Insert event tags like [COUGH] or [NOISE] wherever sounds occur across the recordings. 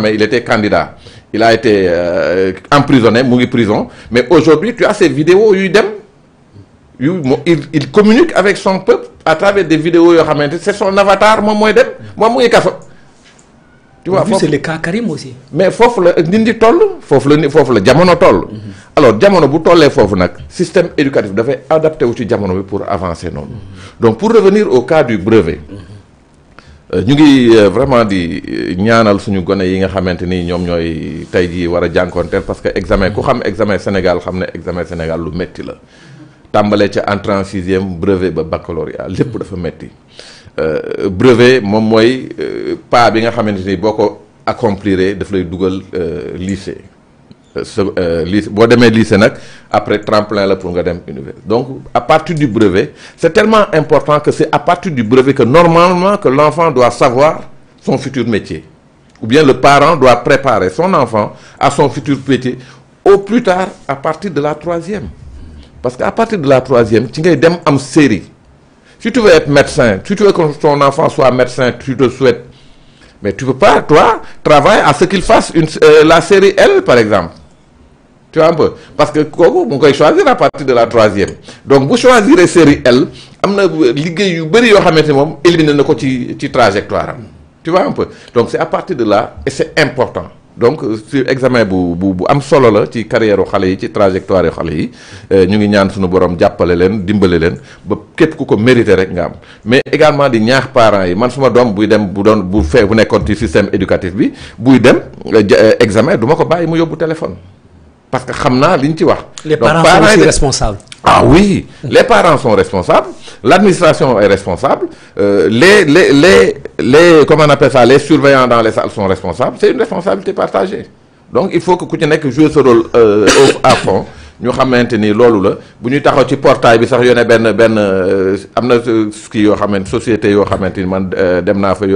mais il était candidat. Il a été euh, emprisonné, mouru prison. Mais aujourd'hui, tu as ces vidéos UDEM. Il, il, communique avec son peuple à travers des vidéos. C'est son avatar, moi, moi, Edem. Moi, moi, tu vois, c'est le cas Karim aussi. Mais fof le nindi toll, fof le fof le jamono toll. Mhm. Alors jamono bu tollé fof nak système éducatif devait adapter aussi jamono pour avancer non. Mhm. Donc pour revenir au cas du brevet. Mhm. Euh, ñu ngi euh, vraiment di euh, ñaanal suñu gone yi nga xamanteni ñom ñoy tay ji wara war parce que examen ku xam examen Sénégal xamné examen Sénégal lu metti la tambalé ci entrée en sixième brevet ba baccalauréat lepp dafa metti euh brevet mom moy pas bi nga xamanteni boko boo accompliré daf lay duggal lycée. Euh, lycée boo lycée après tremplin la pour nga donc à partir du brevet c'est tellement important que c'est à partir du brevet que normalement que l'enfant doit savoir son futur métier ou bien le parent doit préparer son enfant à son futur métier au plus tard à partir de la troisième parce qu'à partir de la troisième tu dem am série si tu veux être médecin si tu veux que ton enfant soit médecin tu te souhaites mais tu ne peux pas toi travailler à ce qu'il fasse euh, la série L par exemple tu vois un peu parce que vous vous choisir à partir de la troisième donc vous la série L éliminer la trajectoire tu vois un peu donc c'est à partir de là et c'est important donc sur examen solo la carrière trajectoire de yi euh, ñu borom mais également les parents yi système éducatif bi euh, euh, examen téléphone parce que xamna liñ ci les parents sont responsables. ah oui les parents sont responsables l'administration est responsable euh, les les les les on appelle ça les surveillants dans les salles sont responsables c'est une responsabilité partagée donc il faut que ku ci jouer ce rôle euh, à fond ñu avons maintenu loolu la bu ñuy taxaw ci portail bi sax yone ben amna société yo xamante maintenu man euh, dem naa fa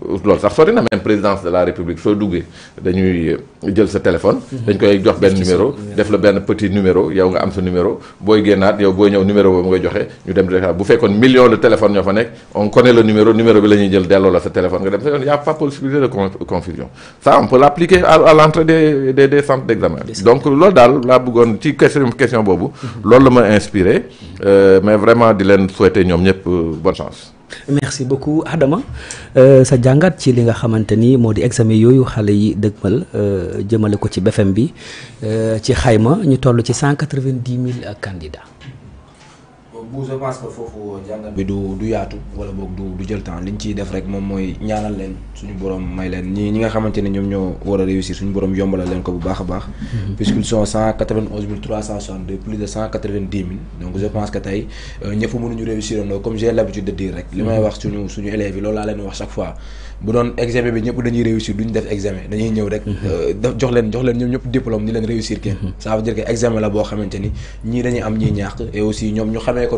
loolu sax sori na même présidence de la république soo duggee dañuy jël sa téléphone. Mhm. dañ koy jox benn numéro def la benn petit numéro yow nga am sa numéro booy génnaat yow booy ñëw numéro boobu nga joxe ñu dem direct bu fekkoon million de téléphone ñoo fa nekk on connaît le numéro numéro bi la ñuy jël delloo la sa téléphone nga dem sa yoon y' a pas possibilité de confusion ça on peut l' appliquer à l' entrée des des des centres d' examen. donc loolu daal laa bëggoon ci question question boobu. Mhm. loolu la ma inspiré euh, mais vraiment di leen souhaiter ñoom ñëpp euh, bonne chance. merci beaucoup Adama euh, sa jàngat ci li nga xamante ni moo di examen yooyu xale yi dëgmal euh, jëmale ko ci BFEM bi euh, ci xayma ñu toll ci cent quatre-vingt-dix mille candidats. bu je pense que foofu euh, jàngat bi du du yaatu wala bok du du jël temps liñ ñu ciy def rek mom moy ñaanal leen suñu borom may leen ñi ñi nga xamanteni ñom ñoo wara réussir suñu borom yombalal leen ko bu baax a baax. Mm-hmm. puisqu'ils sont 191362 plus de 190000 donc je pense que tay tey euh, mënu ñu réussir andoo comme j'ai l'habitude de dire rek. li may mm-hmm. wax suñu suñu élèves yi loolu laa leen wax chaque fois bu doon examen bi ñepp dañuy réussir duñ def examen dañuy ñëw rek. Mm-hmm. Euh, jox leen jox leen ñom ñepp diplôme ni leen réussir kenn. ça veut dire que examen la boo xamante ñi ñii dañuy am ñi ñàkk et aussi ñoom ñu xamé ko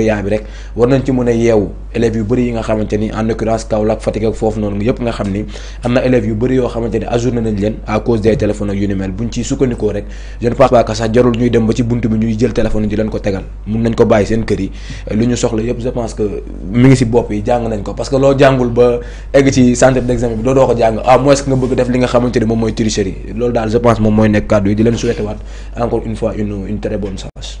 baccalauréat bi rek war nañ ci mën a yeewu élèves yu bëri yi nga xamante ni en l'occurrence Kaolack Fatick ak foofu noonu yëpp nga xam ni am na élèves yu bëri yoo ni ajourné nañ leen à cause des téléphones ak yu ni mel buñ ciy sukkandikoo rek je ne pense pas que sax jarul ñuy dem ba ci buntu bi ñuy jël téléphone di leen ko tegal mun nañ ko bàyyi seen kër yi lu ñu soxla yëpp je pense que mi ngi si bopp yi jàng nañ ko parce que loo jàngul ba egg ci centre d'examen bi doo doo ko jàng à moins que nga bëgg def li nga xamante ni moom tricherie je pense di leen encore une fois une une très bonne chance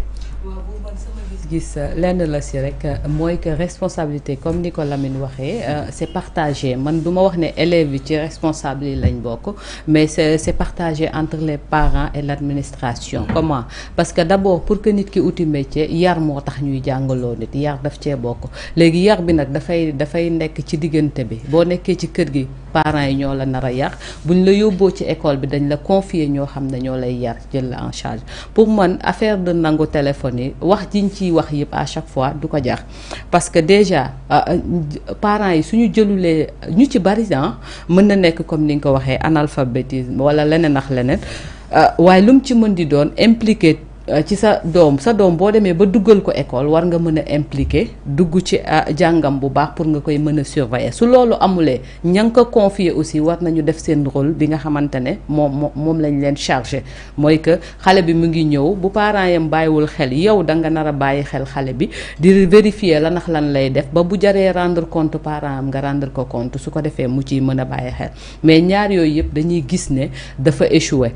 gis euh, lenn la si rek euh, mooy que responsabilité comme Nicolas ko Lamine waxee euh, c'est partagé man du ma wax ne élèves yi ci responsable yi lañ bokk mais c'est c'est partagé entre les parents et l'administration comment parce que d'abord pour que nit ki uti métier yar moo tax ñuy jàngaloo nit yar daf cee bokk léegi yar bi nag dafay dafay nekk ci diggante bi boo nekkee ci kër gi parents yi ñoo la nara a yar buñ la yóbboo ci école bi dañ la confier ñoo xam ne ñoo lay yar jël la en charge pour man affaire de nangu téléphone yi wax jiñ ciy wax yëpp à chaque fois du ko jar parce que déjà euh, euh, parents yi suñu jëlulee ñu ci bari mën na nekk comme ni nga ko waxee analphabétisme wala leneen ak leneen euh, waaye lu mu ci mën di doon impliqué ci sa doom sa doom boo demee ba duggal ko école war nga mën a impliqué dugg ci jàngam bu baax pour nga koy mën a surveiller su loolu amulee ña nga ko confier aussi war nañu def seen rôle bi nga xamante ne moom moom lañ leen chargé mooy que xale bi mu ngi ñëw bu parents yam bàyyiwul xel yow da nga nar a bàyyi xel xale bi di vérifier la ndax lan lay def ba bu jaree rendre compte parent am nga rendre ko compte su ko defee mu ci mën a bàyyi xel mais ñaar yooyu yëpp dañuy gis ne dafa échoué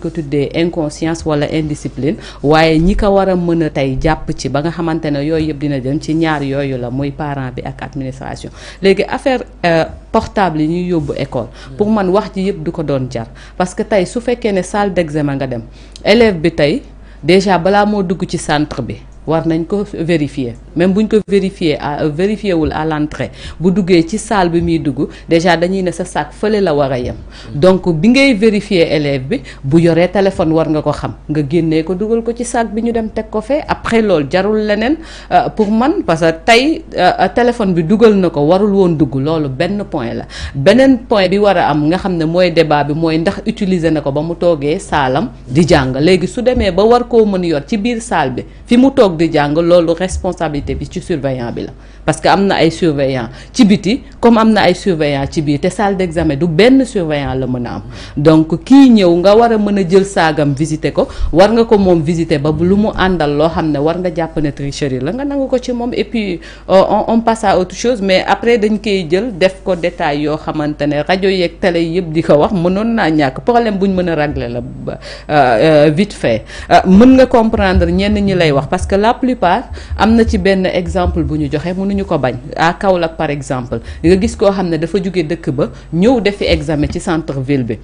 ko tuddee inconscience wala indiscipline waaye ñi ko war a mën a tey jàpp ci ba nga xamante ne yooyu yëpp dina dem ci ñaar yooyu la muy parent bi ak administration léegi affaire euh, portable yi ñuy yóbbu école pour man wax ji yëpp du ko doon jar parce que tey su fekkee ne salle d'examen nga dem élève bi tey déjà balaa moo dugg ci centre bi war nañ ko vérifier même ñu ko vérifier à euh, vérifier wul à l'entrée bu duggee ci salle bi muy dugg déjà dañuy ne sa sac fële la war a yem donc bi ngay vérifier élève bi bu yoree téléphone war nga ko xam nga génnee ko dugal ko ci sac bi ñu dem teg ko fee après loolu jarul leneen euh, pour man parce que tey euh, téléphone bi dugal na ko warul woon dugg loolu benn point la beneen point bi war a am nga xam ne mooy débat bi mooy ndax utiliser na ko ba mu toogee saalam di jàng léegi su demee ba war koo mën yor ci biir salle bi di jang lolu responsabilité bi ci surveillant bi la parce que am na ay surveillant ci biti comme am na ay surveillant ci biir te salle d'examen du ben surveillant la mën am donc kii ñëw nga war a mën a jël saagam visiter ko war nga ko moom visiter ba lu mu àndal loo xam ne war nga jàpp ne tricherie la nga nangu ko ci moom et puis euh, on passe à autre chose mais après dañ koy jël def ko détail yoo xamante ne rajo télé yëpp di ko wax mënoon naa ñàkk problème buñ mën régler la euh, euh, vite fait mën comprendre ñenn ñi lay wax parce que la plupart am na ci benn exemple bu ñu joxe mënuñu ko bañ à Kaolack par exemple nga gis koo xam ne dafa jóge dëkk ba ñëw defi examen ci centre ville bi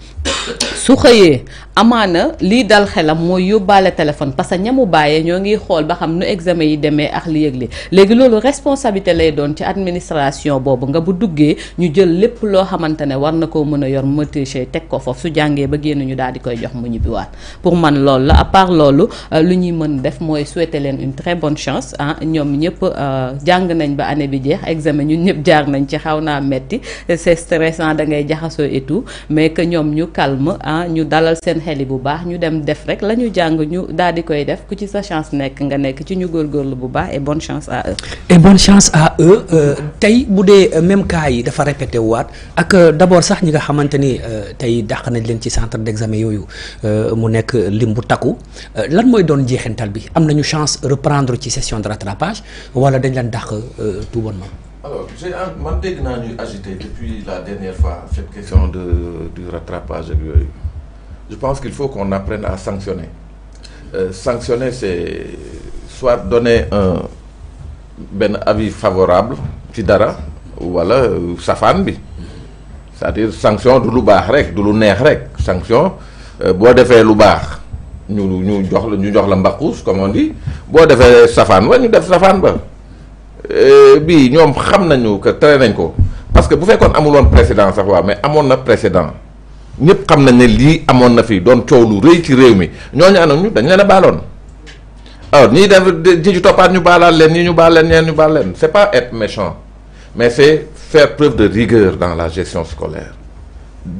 su xëyee amaana lii dal xelam mooy yóbbaale téléphone parce que ñamu bàyyee ñoo ngi xool ba xam nu examen yi demee ak li yëg li léegi loolu responsabilité lay doon ci administration boobu nga bu duggee ñu jël lépp loo xamante ne war na koo mën a yor motrice teg ko foofu su jàngee ba génn ñu daal di koy jox mu ñibbiwaat pour man loolu la à part loolu euh, lu ñuy mën def mooy souhaiter leen une très bonne chance ah ñoom ñëpp euh, jàng nañ ba année bi jeex examen ñun ñëpp jaar nañ ci xaw naa metti c'est da ngay jaxasoo nous ah ñu dalal seen xel bu baax ñu dem def rek la ñu ñu daal sa chance nga ci ñu et bonne chance à eux. et bonne chance à eux euh, tey bu euh, même cas yi dafa répété waat ak euh, d' sax ñi nga xamante ni nañ centre d'examen examen mu nekk lim takku lan mooy doon jeexintal bi am chance reprendre ci session de rattrapage wala dañ leen tout bonnement alors, j'ai agité depuis la dernière fois cette question de du rattrapage je pense qu'il faut qu'on apprenne à sanctionner euh, sanctionner c'est soit donner un avis favorable Tidara, ou euh, voilà, Safanbi. c'est-à-dire sanction de lu de rek sanction euh, Bois de lu baax ñu comme on dit nous, defee Safan. nous, ñu euh, bii ñoom xam nañu que tere nañ ko parce que bu amul won précédent sax wa mais amon na précédent ñëpp xam nañ ne amon na fi doon coow lu rëy ci réew mi ñooñu ñu dañ leen a alors ni def ñi ci toppaat ñu baalaal leen ni ñu baal leen ñeen ñu baal leen c'est pas être méchant mais c'est faire preuve de rigueur dans la gestion scolaire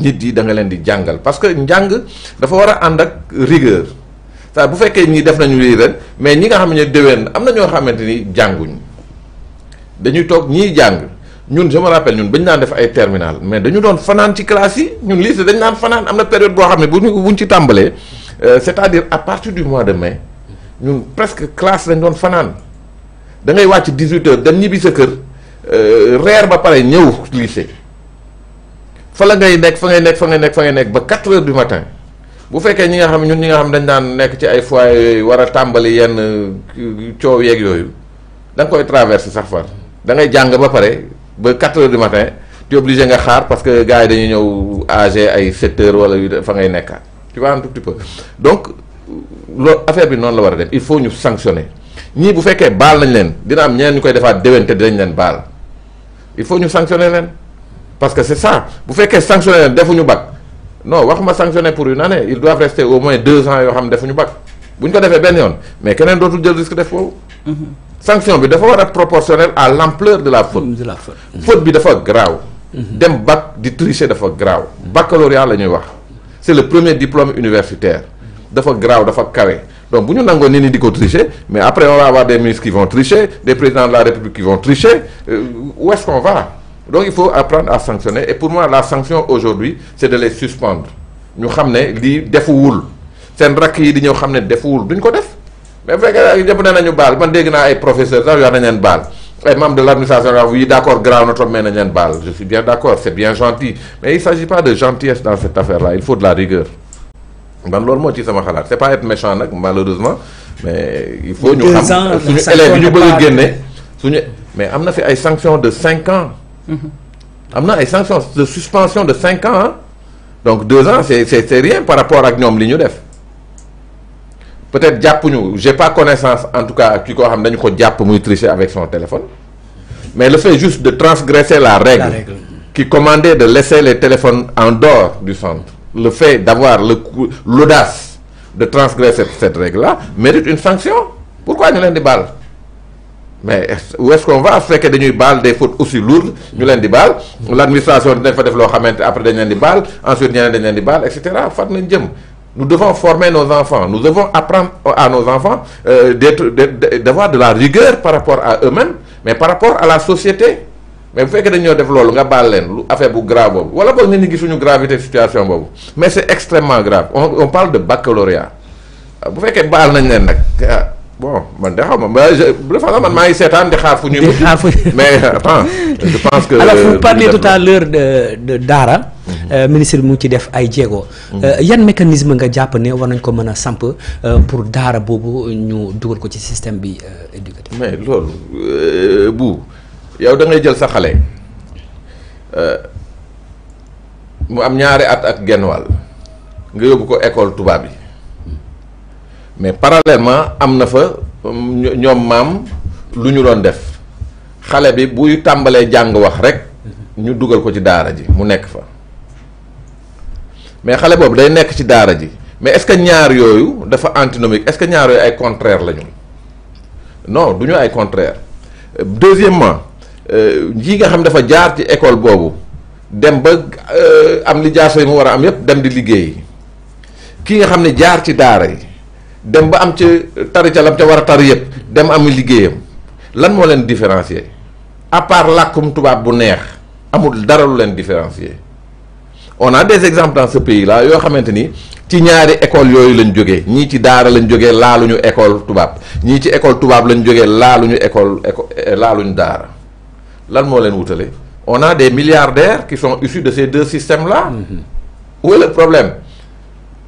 nit yi da nga leen di jàngal parce que njàng dafa war a ànd ak rigueur ça bu fekkee ñii def nañu lii ren mais ñi nga xam ne déwén am na ñoo xamante ni dañuy toog ñiy jàng ñun je me rappelle ñun bañ naan def ay terminal mais dañu doon fanan ci classe yi ñun lycée dañ naan fanaan am na période boo xam ne bu buñ ci tàmbalee euh, c'est-à-dire à partir du mois de mai ñun presque classe lañ doon fanaan da ngay wàcc 18 heures dem ñibbi sa kër euh, reer ba pare ñëw lycée fa la ngay nekk fa ngay nekk fa ngay nekk fa ngay nekk ba 4 heures du matin bu fekkee ñi nga xam ñun ñi nga xam dañ daan nekk ci ay foyer yooyu war a tàmbali yenn euh, coow yeeg yooyu da koy traverser sax far da ngay jàng ba pare ba 4 heures du matin tu obligé nga xaar parce que gars yi dañuy ñëw âgé ay 7 heures wala fa ngay nekk tu vois un tout petit peu donc l'affaire affaire bi noonu la war a dem il faut ñu sanctionner ñii bu fekkee baal nañ leen dina am ñeneen ñu koy defaat déwén dinañ leen baal il faut ñu sanctionner leen parce que c' est ça bu fekkee sanctionner leen defuñu bac non waxuma sanctionner pour une année ils doivent rester au moins deux ans yoo xam defuñu bac buñ ko defee benn yoon mais keneen dootul jël risque def foofu. Mm-hmm sanction bi dafa war proportionnel à l'ampleur de la faute. Mm, la faute mm. faute bi dafa grave mm-hmm. dem bac di tricher dafa grave. baccalauréat lañuy wax. c'est le premier diplôme universitaire. dafa grave dafa carré. donc nous nango nini nit di ko tricher mais après on va avoir des ministres qui vont tricher des présidents de la république qui vont tricher euh, où est-ce qu'on va donc il faut apprendre à sanctionner et pour moi la sanction aujourd'hui c'est de les suspendre ñu xamné li lii defuwul un rakk yi di ñëw xamné ne defuwul duñ ko def mais bu fekkee ñëpp nee nañu baal man dégg naa ay professeurs sax yoo nañ leen baal ay membre de l'administration yi oui, d'accord grave na trop mais nañ leen baal je suis bien d'accord c'est bien gentil mais il s'agit pas de gentillesse dans cette affaire-là il faut de la rigueur man loolu moo ci sama xalaat c'est pas être méchant nak malheureusement mais il faut ñu xam suñu a génne mais am na fi ay sanctions de 5 ans mm-hmm. am na ay sanctions de suspension de 5 ans hein. donc 2 ans c'est c'est rien par rapport à ñoom li ñu def peut-être je j'ai pas connaissance en tout cas qui qui xam a ko avec son téléphone mais le fait juste de transgresser la règle qui commandait de laisser les téléphones en dehors du centre le fait d'avoir l'audace de transgresser cette règle là mérite une sanction pourquoi nous l'avons des mais où est-ce qu'on va faire que dañuy balles des fautes aussi lourdes nous len di l'administration va fait def pris après nous l'avons ensuite nous l'avons des balles, etc. Nous devons former nos enfants. Nous devons apprendre à nos enfants euh, d'avoir de la rigueur par rapport à eux-mêmes, mais par rapport à la société. mais vous faites que def loolu nga baal leen lu affaire grave Voilà wala nous nit ñi gravité situation mais c'est extrêmement grave on on parle de baccalauréat ah, faites que baal nañ leen nag ah, bon man de xaw ma ma je de façon man mais attends je pense que. alors vous parliez tout à l'heure de de Dara. Euh, ministre bi mu ci def ay jéego. Euh, yan mécanisme nga jàpp ni war nañ ko mën a samp euh, pour daara boobu ñu dugal ko ci système bi éducatif. mais loolu bu yow da ngay jël sa xale mu am ñaari at ak genn wàll nga yóbbu ko école tubaab yi mais parallèlement am na fa um, ñoom maam lu ñu doon def xale bi buy tàmbalee jàng wax rek mm-hmm. ñu dugal ko ci daara ji mu nekk fa. mais xale boobu day nekk ci daara ji mais est-ce que ñaar yooyu dafa antinomique est-ce que ñaar yooyu ay contraire la ñu non du ñu ay contraire deuxièmement euh, yi nga xam dafa jaar ci école boobu dem ba euh, am li jaaso yi mu war a am yépp dem di liggéey kii nga xam ne jaar ci daara yi dem ba am ca tari ca lam ca war a tari yépp dem am liggéeyam lan moo leen différencier à part làkkum tubaab bu neex amul dara lu leen différencier on a des exemples dans ce pays là Yo xamanteni ni ci ñaari école yooyu lañ jógee ñi ci daara lañ jógee laaluñu école tubaab ñi ci école tubaab lañ jógee laaluñu école eh, laaluñu daara lan mo leen woutalé on a des milliardaires qui sont issus de ces deux systèmes là. Mm-hmm. où est le problème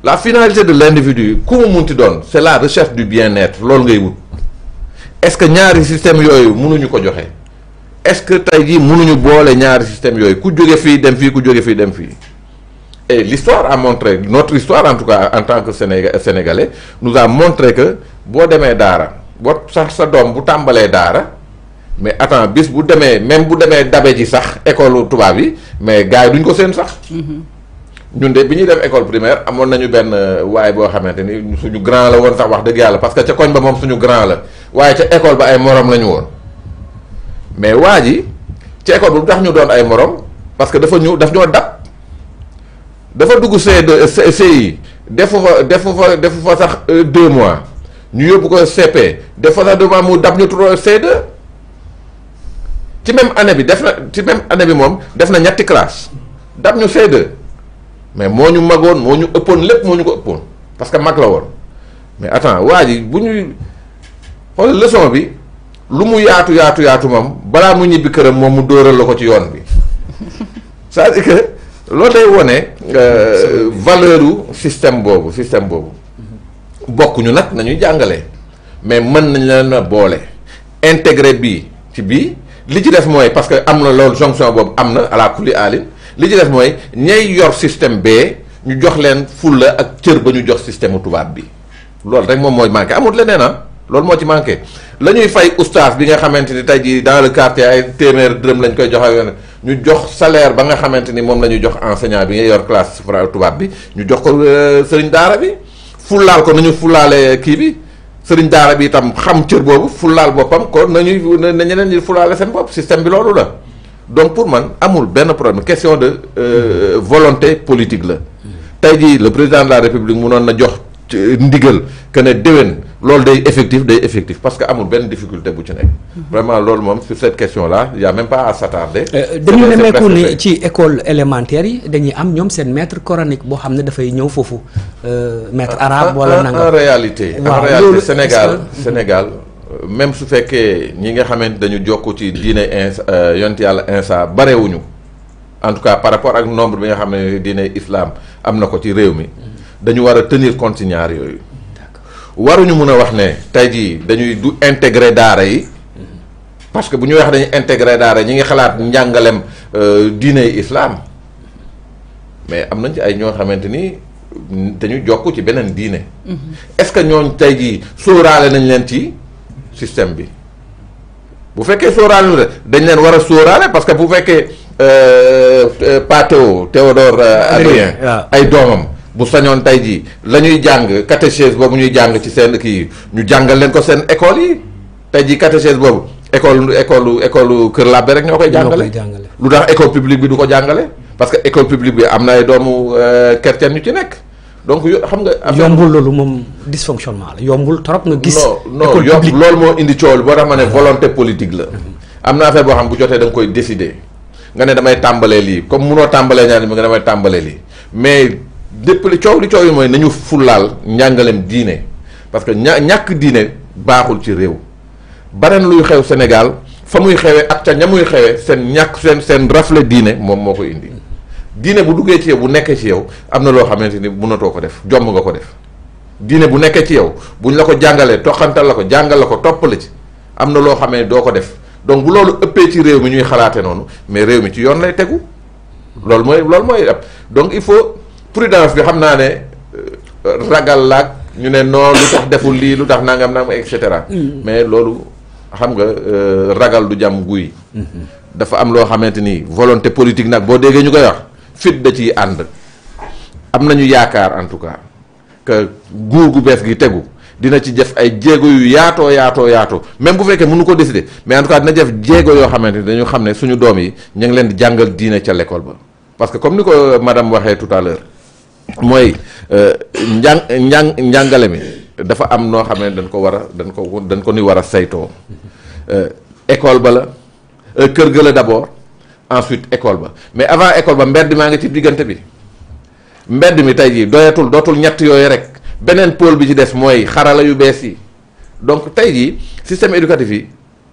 la finalité de l'individu, individu ku mu munti donne c'est la recherche du bien-être loolu ngay wut est ce que ñaari système yooyu mënuñu ko joxé est ce que tey jii mënuñu boole ñaari système yooyu ku jóge fi dem fi ku jóge fi dem fi et l'histoire a montré, notre histoire en tout cas en tant que Sénégalais, nous a montré que boo demee dara sax sa bu Dara, mais attends bis bu on même bu demee dabe ji sax école tubaab mais mais gars yi duñ ko seen sax. Mm-hmm. ñun de bi école primaire nañu euh, suñu grand la sax wax parce que ca koñ ba suñu grand école mais école parce que dafa ñu daf dafa dugg C2 euh, sax euh, deux mois ñu yóbbu ko CP deux mois mu dab c ci même année bi ci même année bi moom def na classe dab ñu c mais moo ñu magoon moo ñu ëppoon ko ëppoon parce que mag la mais attends waa ji bu leçon bi lu mu yaatu yaatu mu mu [LAUGHS] cest loolu day euh, valeur système boobu système boobu bokkuñu nag nañu jàngale mais mën nañ leen a intégré bii ci bii li ci def parce que am na jonction boobu am na ala kulli alin li ci def système B, ñu jox leen fulla ak cër ba jox système tubaab bi loolu rek moom mooy manqué amut leneen ah loolu ci manqué la fay bi nga xamante ni tey dans le quartier ñu jox salaire ba nga xamante ni moom jox enseignant bi yor classe tubaab bi ñu jox ko euh, sëriñ daara bi fullaal ko nañu fullaale kii bi sëriñ daara bi itam xam cër boobu fullaal boppam ko système bi loolu la donc pour man amul benn problème question de euh, volonté politique la hmm. le président de la république munoon na jox ndigal que ne déwén effectif day effectif parce que amul une difficulté bu ci vraiment sur cette question là il y' a même pas à s'attarder. Euh, dañu ni école élémentaire yi am ñom maître coranique boo da fay ñew maître ah, arabe. wala ah, en réalité. en réalité Sénégal Sénégal. Euh, même su que ñi nga dañu ci euh, en tout cas par rapport ak nombre bi nga islam amna na ko ci dañu war a tenir compte ñaar yooyu. waruñu mun a wax ne tey jii dañuy du intégrer daara yi. Mm-hmm. parce que bu ñu wax dañuy intégrer daara ñi ngi xalaat njàngalem euh, diine islam mais am nañ ci ay ñoo xamante ni dañu jokk ci beneen diine. Mm-hmm. est-ce que ñooñ tey jii sóoraale nañ leen ci système bi bu fekkee sóoraale la dañ leen war a sóoraale parce que bu fekkee euh, euh, Pato Théodore Adrien ay doomam. bu sañoon tey jii la ñuy jàng catéchèse boobu ñuy jàng ci seen kii ñu jàngal leen ko seen école yi tey jii catéchèse boobu école école école Kër Labbe rek ñoo koy jàngale lu tax école publique bi du ko jàngale parce que école publique bi am na ay doomu euh, chrétien ñu ci nekk donc xam nga. yombul lu moom dysfonctionnement la yombul trop nga gis. école publique non loolu moo indi coow boo tax ma ne volonté politique la. am na affaire boo xam bu jotee da koy décider nga ne damay tàmbalee lii comme munoo tàmbalee ñaar mi nga damay tàmbalee lii mais. lépp coow li coow yi mooy nañu fullaal njàngaleem diine parce que ña ñàkk diine baaxul ci réew baneen luy xew Sénégal fa muy xewee ak ca ña muy xewee seen ñàkk seen seen rafle diine moom moo koy indi diine bu duggee ci yow bu nekkee ci yow am na loo xamante ni mënatoo ko def jomm nga ko def diine bu nekkee ci yow buñ la ko jàngalee toxantal la ko jàngal la ko toppale ci am na loo xam xamee doo ko def donc bu loolu ëppee ci réew mi ñuy xalaate noonu mais réew mi ci yoon lay tegu loolu mooy loolu prudence bi xam naa ne euh, ragal lag ñu ne non lu tax deful lii lu tax nangam nangam et cetera. Mm. mais loolu xam nga euh, ragal du jàmm guy. Mm-hmm. dafa am loo xamante ni volonté politique nag boo déggee ñu koy wax fit da ci ànd. am nañu yaakaar en tout cas que nguur gu bees gi tegu dina ci def ay jéego yu yaatoo yaatoo yaatoo même bu fekkee mënu ko décider mais en tout cas dina def jéego yoo xamante ni dañu xam ne suñu doom yi ñu ngi leen di jàngal diine ca l'école ba parce que comme ni ko madame waxee tout mooy euh, njàng njàng njàngale mi dafa am noo xam ne dañ ko war a dañ ko dañ ko ni war a saytoo euh, école ba la euh, kër ga la d'abord ensuite école ba mais avant école ba mbedd maa ngi ci diggante bi mbedd mi tey jii doyatul dootul ñett yooyu rek beneen pôle bi ci des mooy xarala yu bees yi donc tey jii système éducatif yi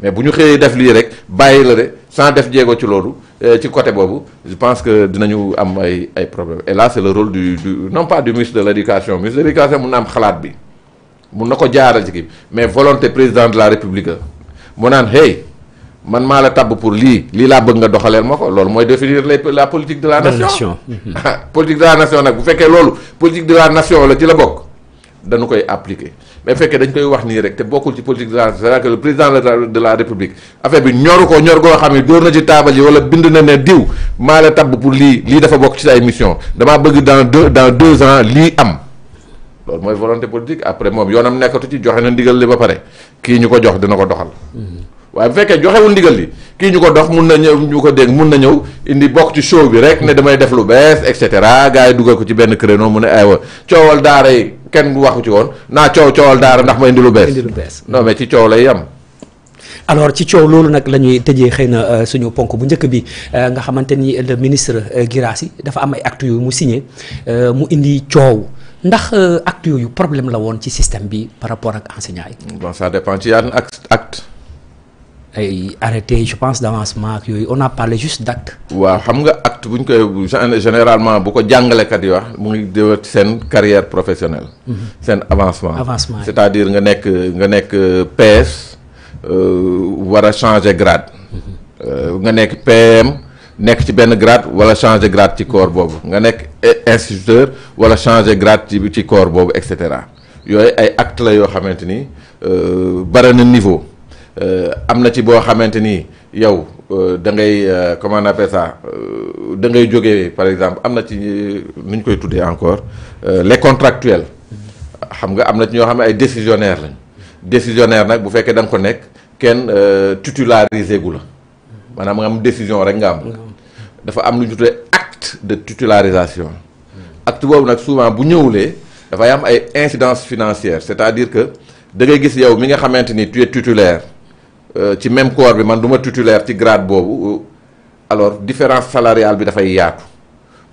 mais buñu ñu def li rek bàyyi la dé sans def djégo ci lolu euh, ci côté bobu je pense que dinañu am ay ay problèmes et là c'est le rôle du du non pas du ministre de l'Éducation, ministre de l'Éducation, mun am xalaat bi mun na ko jaaral ci mais volonté président de la république mu naan hey man maa la tabb pour li li la bëgg nga doxalel mako lolu moy définir la politique de la nation [LAUGHS] mhm. politique de la nation nak bu fekkee lolu politique de la nation la ci la bok dañu koy appliquer mais fekkee dañ koy wax nii rek te bokkul ci politique de la c'est-à-dire que le président de la république affaire bi ñoru ko ñor goo xam ne dóor na ci table yi wala bind na ne diw maa la tabb pour lii lii dafa bokk ci sa émission dama bëgg dans deux dans deux ans lii am loolu mooy volonté politique après moom yoonam nekkatu ci joxe na ndigal li ba pare kii ñu ko jox dina ko doxal waaye bu fekkee joxewul ndigal li kii ñu ko dox mun na ñëw ñu ko dégg mun na ñëw indi bokk ci show bi rek ne damay def lu bees et cetera gars yi dugal ko ci benn créneau mu ne aywa coowal daara yi kenn waxu ci woon naa coow coowal daara ndax ma indi lu bees. indi lu bees non mais ci coow lay yem. alors ci coow loolu nag la ñuy tëjee xëy na euh, suñu ponk bu njëkk bi euh, nga xamante ni le ministre euh, Guirassy dafa am ay actes yu mu signé mu indi coow ndax actes yooyu problème la woon ci système bi par rapport ak enseignants yi. bon ça dépend ci yan acte. ay arrêté je pense d'avancement ak on a parlé juste d'act wa xam nga acte bu généralement bu ko jàngalekat yi wax mu ngi déwét carrière professionnelle mhm. seen avancement avancement c'est-à-dire nga nekk nga nekk euh, PS euh, war a changer grade mhm. euh, nga nekk PM nek ci ben grade wala changer grade ci corps bobu nga nek instituteur wala changer grade ci ci corps bobu et cetera yoy ay acte la yo xamanteni euh barana niveau euh, amna ci bo xamanteni yow euh, da ngay euh, comment on appelle ça da ngay jógee par exemple amna ci nu koy tuddee encore les contractuels xam nga amna na ci xam ay décisionnaires lañ décisionnaire nag bu féké dang ko nek ken titularisé gu la manam nga am décision rek nga am dafa am lu ñu tuddee acte de titularisation acte boobu nak souvent bu ñëwulee dafa am ay incidences financières c'est-à-dire que da ngay gis yow mi nga xamanteni tu es titulaire euh, ci même corps bi man duma titulaire ci grade bobu euh, alors différence salariale bi da fay yaatu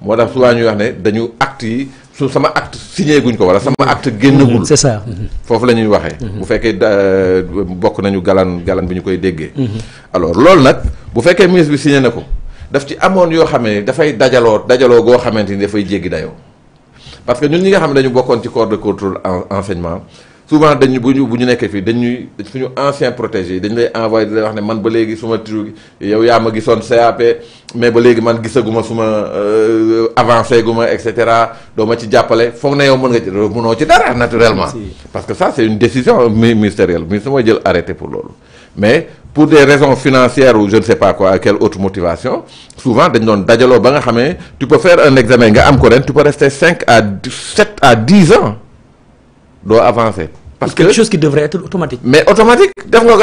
moo tax souvent ñuy wax ne dañu acte yi su sama acte signé guñ ko wala sama acte génnagul c'est ça fofu lañuy waxé mhm. bu féké euh, bokk nañu galan galan bi ñu koy déggee mhm. alors loolu nak bu féké ministre bi signé nako daf ci amone yo xamé da fay dajaloo dajalo go xamanteni da fay jéggi dayo parce que ñun ñi nga xamé dañu bokkoon ci corps de contrôle enseignement souvent dañu buñu buñu bu fi nekkee dañuy suñu ancien protégé dañ lay envoyer lay wax né man ba légui suma tur yow yaa ma gisoon CAP mais ba légui man gisaguma suma euh, avancé gu ma et cetera doo ma ci jappalé fo né yow mën nga ci ci dara naturellement. parce que ça c'est une décision ministérielle mais mooy jël arrêté pour lolu mais pour des raisons financières ou je ne sais pas quoi à quelle autre motivation souvent dañ don dajalo ba nga xamé tu peux faire un examen nga am ko ren tu peux rester 5 à 7 à 10 ans doit avancer. quelque chose qui devrait être automatique. mais automatique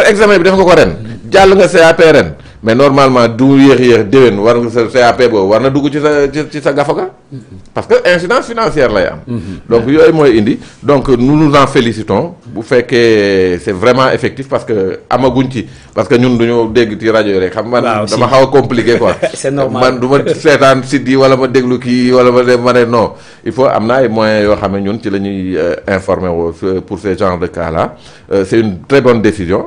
examen tu as A ko mais normalement du yéex yéex déwén war nga sa CAP bo war na dugg ci sa ci sa gafaga parce que incidence financière la am mm-hmm. Mm-hmm. donc yoy moy indi donc nous nous en félicitons bu féké c'est vraiment effectif parce que amaguñ ci parce que ñun duñu dégg ti radio rek xam man dama xaw a compliqué quoi [LAUGHS] c'est normal man duma sétane seetaan site wala ma déglu ki wala ma ma ne non il faut amna ay moyens yo xamé ñun ci lañuy euh, informer euh, pour ces genres de cas là euh, c'est une très bonne décision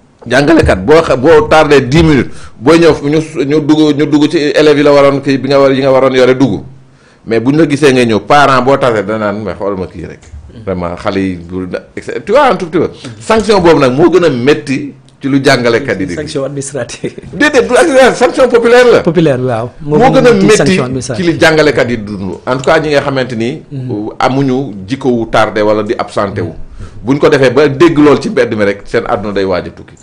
jàngalekat boo xa boo tardé dix minutes boo ñëw ñu ñu dugg ñu dugg ci élèves yi la waroon kii bi nga war yi nga waroon yore dugg mais bu ñu la gisee nga ñëw parent boo tardé danaan mais xool ma kii rek. vraiment xale yi bu tu vois un tout petit sanction boobu nag moo gën a métti ci lu jàngalekat yi. sanction administrative. [LAUGHS] déedéet du administrative sanction populaire la. populaire waaw. moo gën a métti ci li jàngalekat yi dund. en tout ñi nga xamante ni. Mhm. amuñu jikkowu wu tardé wala di absenté wu. buñ ko defee ba dégg lool ci mbedd mi rek seen àdduna day waaj a tukki.